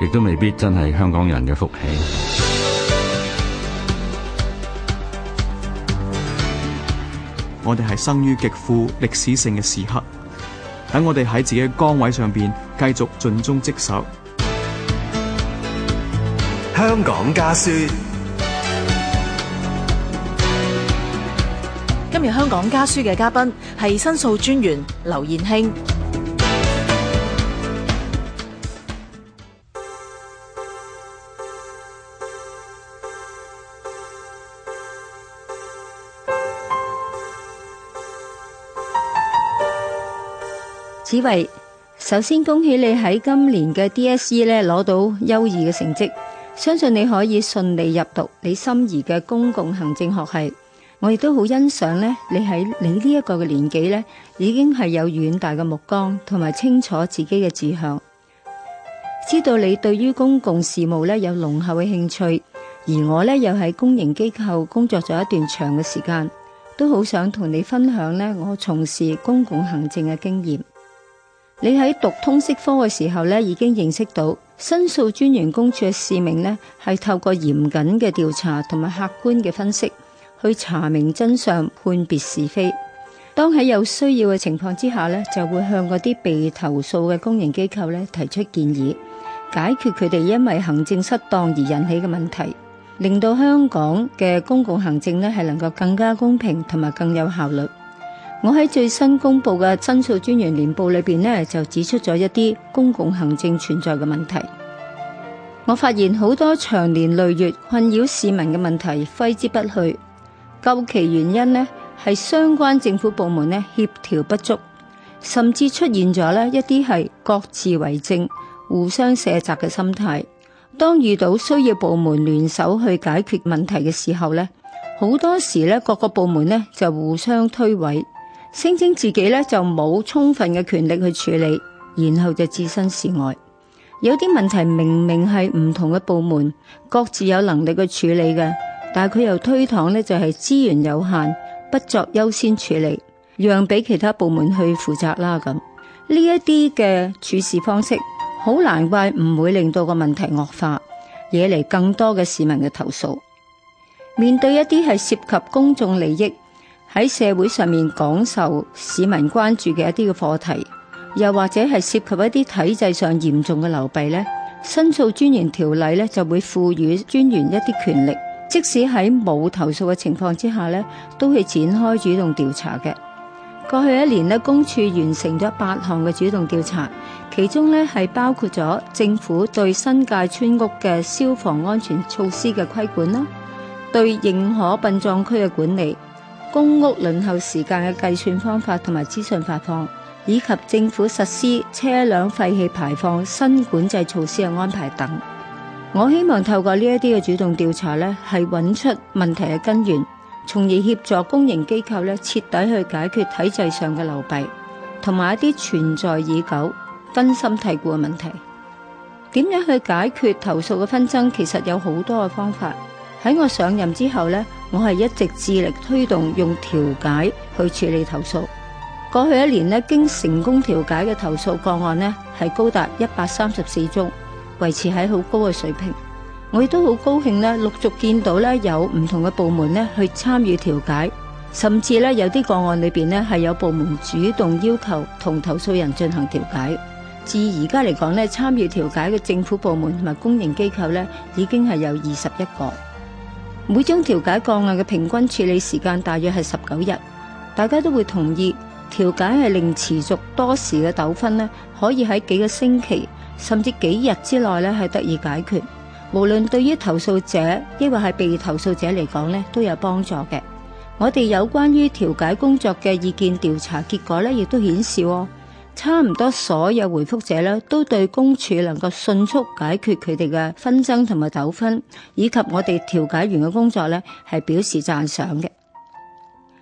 亦都未必真係香港人嘅福氣。我哋係生於極富歷史性嘅時刻，等我哋喺自己嘅崗位上邊繼續盡忠職守。香港家書，今日香港家書嘅嘉賓係申訴專員劉燕卿。子慧，首先恭喜你喺今年嘅 DSE 咧攞到優異嘅成績，相信你可以順利入讀你心儀嘅公共行政學系。我亦都好欣賞咧，你喺你呢一個嘅年紀咧，已經係有遠大嘅目光，同埋清楚自己嘅志向，知道你對於公共事務咧有濃厚嘅興趣。而我咧又喺公營機構工作咗一段長嘅時間，都好想同你分享咧，我從事公共行政嘅經驗。你喺讀通識科嘅時候咧，已經認識到申訴專員公署嘅使命咧，係透過嚴謹嘅調查同埋客觀嘅分析，去查明真相、判別是非。當喺有需要嘅情況之下咧，就會向嗰啲被投訴嘅公營機構咧提出建議，解決佢哋因為行政失當而引起嘅問題，令到香港嘅公共行政咧係能夠更加公平同埋更有效率。我喺最新公布嘅申訴專員年報裏邊呢，就指出咗一啲公共行政存在嘅問題。我發現好多長年累月困擾市民嘅問題揮之不去，究其原因呢，係相關政府部門呢協調不足，甚至出現咗呢一啲係各自為政、互相卸責嘅心態。當遇到需要部門聯手去解決問題嘅時候呢，好多時呢，各個部門呢就互相推諉。聲稱自己咧就冇充分嘅權力去處理，然後就置身事外。有啲問題明明係唔同嘅部門各自有能力去處理嘅，但係佢又推搪咧就係資源有限，不作優先處理，讓俾其他部門去負責啦咁。呢一啲嘅處事方式，好難怪唔會令到個問題惡化，惹嚟更多嘅市民嘅投訴。面對一啲係涉及公眾利益。喺社會上面講受市民關注嘅一啲嘅課題，又或者係涉及一啲體制上嚴重嘅流弊呢，申訴專員條例呢，就會賦予專員一啲權力，即使喺冇投訴嘅情況之下呢，都會展開主動調查嘅。過去一年呢，公署完成咗八項嘅主動調查，其中呢，係包括咗政府對新界村屋嘅消防安全措施嘅規管啦，對認可殯葬區嘅管理，公屋輪候時間嘅計算方法同埋資訊發放，以及政府實施車輛廢氣排放新管制措施嘅安排等，我希望透過呢一啲嘅主動調查呢係揾出問題嘅根源，從而協助公營機構呢徹底去解決體制上嘅流弊，同埋一啲存在已久、根深蒂固嘅問題。點樣去解決投訴嘅紛爭？其實有好多嘅方法。喺我上任之後呢。我係一直致力推動用調解去處理投訴。過去一年咧，經成功調解嘅投訴個案咧，係高達一百三十四宗，維持喺好高嘅水平。我亦都好高興咧，陸續見到咧有唔同嘅部門咧去參與調解，甚至咧有啲個案裏邊咧係有部門主動要求同投訴人進行調解。至而家嚟講咧，參與調解嘅政府部門同埋公營機構咧已經係有二十一個。每宗調解個案嘅平均處理時間大約係十九日，大家都會同意調解係令持續多時嘅糾紛咧，可以喺幾個星期甚至幾日之內咧係得以解決。無論對於投訴者抑或係被投訴者嚟講咧，都有幫助嘅。我哋有關於調解工作嘅意見調查結果呢亦都顯示，哦差唔多所有回覆者咧，都對公署能夠迅速解決佢哋嘅紛爭同埋糾紛，以及我哋調解員嘅工作咧，係表示讚賞嘅。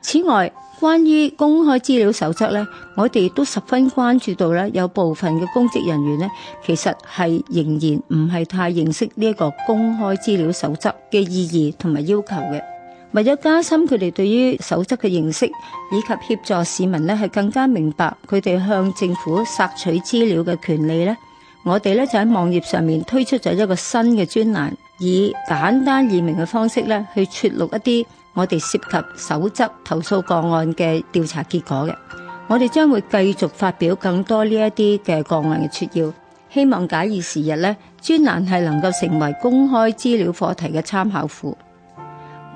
此外，關於公開資料守則咧，我哋都十分關注到咧，有部分嘅公職人員咧，其實係仍然唔係太認識呢一個公開資料守則嘅意義同埋要求嘅。為咗加深佢哋對於守則嘅認識，以及協助市民咧係更加明白佢哋向政府索取資料嘅權利咧，我哋咧就喺網頁上面推出咗一個新嘅專欄，以簡單易明嘅方式咧去撮錄一啲我哋涉及守則投訴個案嘅調查結果嘅。我哋將會繼續發表更多呢一啲嘅個案嘅撮要，希望假以時日咧，專欄係能夠成為公開資料課題嘅參考庫。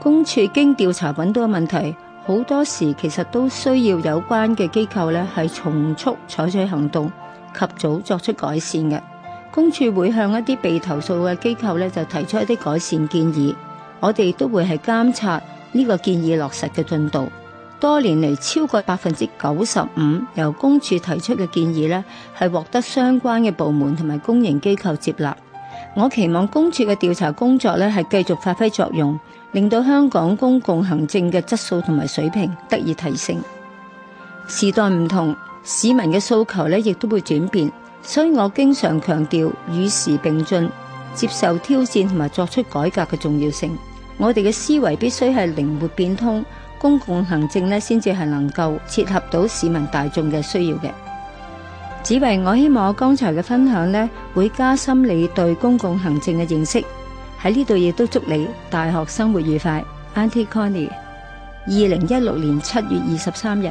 公署經調查揾到嘅問題，好多時其實都需要有關嘅機構咧係從速採取行動及早作出改善嘅。公署會向一啲被投訴嘅機構咧就提出一啲改善建議，我哋都會係監察呢個建議落實嘅進度。多年嚟，超過百分之九十五由公署提出嘅建議咧係獲得相關嘅部門同埋公營機構接納。我期望公署嘅調查工作咧係繼續發揮作用，令到香港公共行政嘅質素同埋水平得以提升。時代唔同，市民嘅訴求咧亦都會轉變，所以我經常強調與時並進、接受挑戰同埋作出改革嘅重要性。我哋嘅思維必須係靈活變通，公共行政咧先至係能夠切合到市民大眾嘅需要嘅。只為我希望，我剛才嘅分享咧，會加深你對公共行政嘅認識，喺呢度亦都祝你大學生活愉快。Anti Connie 二零一六年七月二十三日。